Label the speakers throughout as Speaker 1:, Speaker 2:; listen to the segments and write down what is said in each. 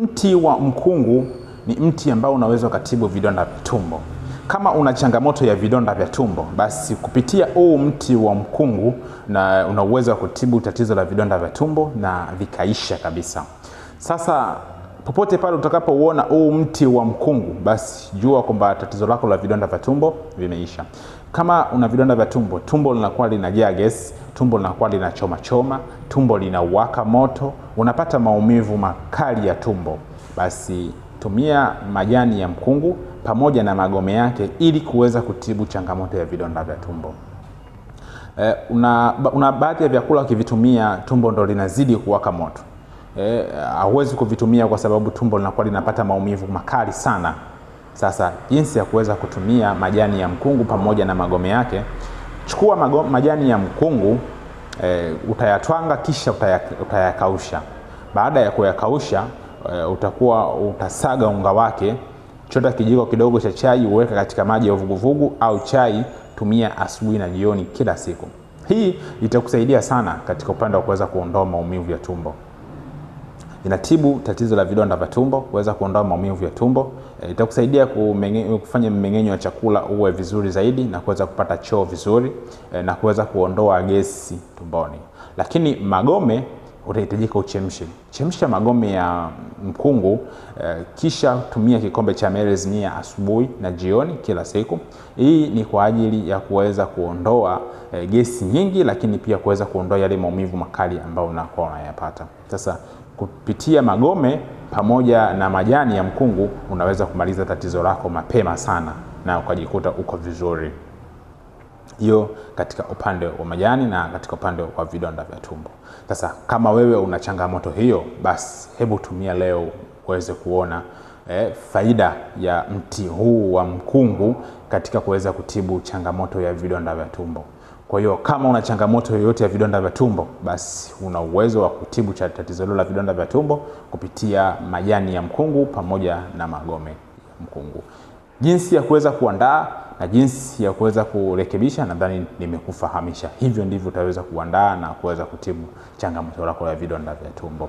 Speaker 1: Mti wa mkungu ni mti ambao unaweza ukatibu vidonda vya tumbo. Kama una changamoto ya vidonda vya tumbo, basi kupitia huu mti wa mkungu na una uwezo wa kutibu tatizo la vidonda vya tumbo na vikaisha kabisa. Sasa popote pale utakapouona huu mti wa mkungu, basi jua kwamba tatizo lako la vidonda vya tumbo vimeisha. Kama una vidonda vya tumbo, tumbo linakuwa linajaa gesi, tumbo linakuwa linachoma choma, tumbo linauwaka moto, unapata maumivu makali ya tumbo, basi tumia majani ya mkungu pamoja na magome yake ili kuweza kutibu changamoto ya vidonda vya tumbo. E, una, una baadhi ya vyakula ukivitumia tumbo ndo linazidi kuwaka moto e, hauwezi kuvitumia kwa sababu tumbo linakuwa linapata maumivu makali sana. Sasa jinsi ya kuweza kutumia majani ya mkungu pamoja na magome yake chukua majani ya mkungu e, utayatwanga kisha utayakausha. Baada ya kuyakausha e, utakuwa utasaga unga wake. Chota kijiko kidogo cha chai, uweka katika maji ya uvuguvugu au chai. Tumia asubuhi na jioni kila siku. Hii itakusaidia sana katika upande wa kuweza kuondoa maumivu ya tumbo. Inatibu tatizo la vidonda vya tumbo, kuweza kuondoa maumivu ya tumbo, eh, itakusaidia kufanya mmeng'enyo wa chakula uwe vizuri zaidi na kuweza kupata choo vizuri e, na kuweza kuondoa gesi tumboni. Lakini magome utahitajika uchemshe. Chemsha magome ya mkungu eh, kisha tumia kikombe cha melezi mia asubuhi na jioni kila siku. Hii ni kwa ajili ya kuweza kuondoa eh, gesi nyingi, lakini pia kuweza kuondoa yale maumivu makali ambayo unakuwa unayapata. Sasa kupitia magome pamoja na majani ya mkungu unaweza kumaliza tatizo lako mapema sana na ukajikuta uko vizuri hiyo katika upande wa majani na katika upande wa vidonda vya tumbo. Sasa kama wewe una changamoto hiyo, basi hebu tumia leo uweze kuona eh, faida ya mti huu wa mkungu katika kuweza kutibu changamoto ya vidonda vya tumbo. Kwa hiyo kama una changamoto yoyote ya vidonda vya tumbo, basi una uwezo wa kutibu cha tatizo hilo la vidonda vya tumbo kupitia majani ya mkungu pamoja na magome ya mkungu. Jinsi ya kuweza kuandaa na jinsi ya kuweza kurekebisha, nadhani nimekufahamisha. Hivyo ndivyo utaweza kuandaa na kuweza kutibu changamoto lako la vidonda vya tumbo.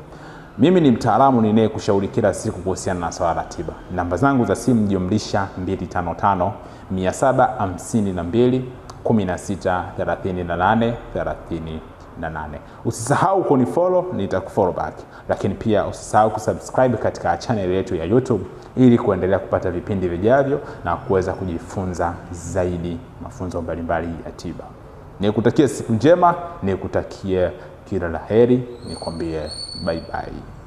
Speaker 1: Mimi ni mtaalamu kushauri kila siku kuhusiana na swala la tiba. Namba zangu za simu jumlisha 255 752 16 38 38 na nane Usisahau kunifollow, nitakufollow back, lakini pia usisahau kusubscribe katika channel yetu ya YouTube ili kuendelea kupata vipindi vijavyo na kuweza kujifunza zaidi mafunzo mbalimbali ya tiba. Nikutakie siku njema, nikutakie kila la heri, nikwambie bye bye.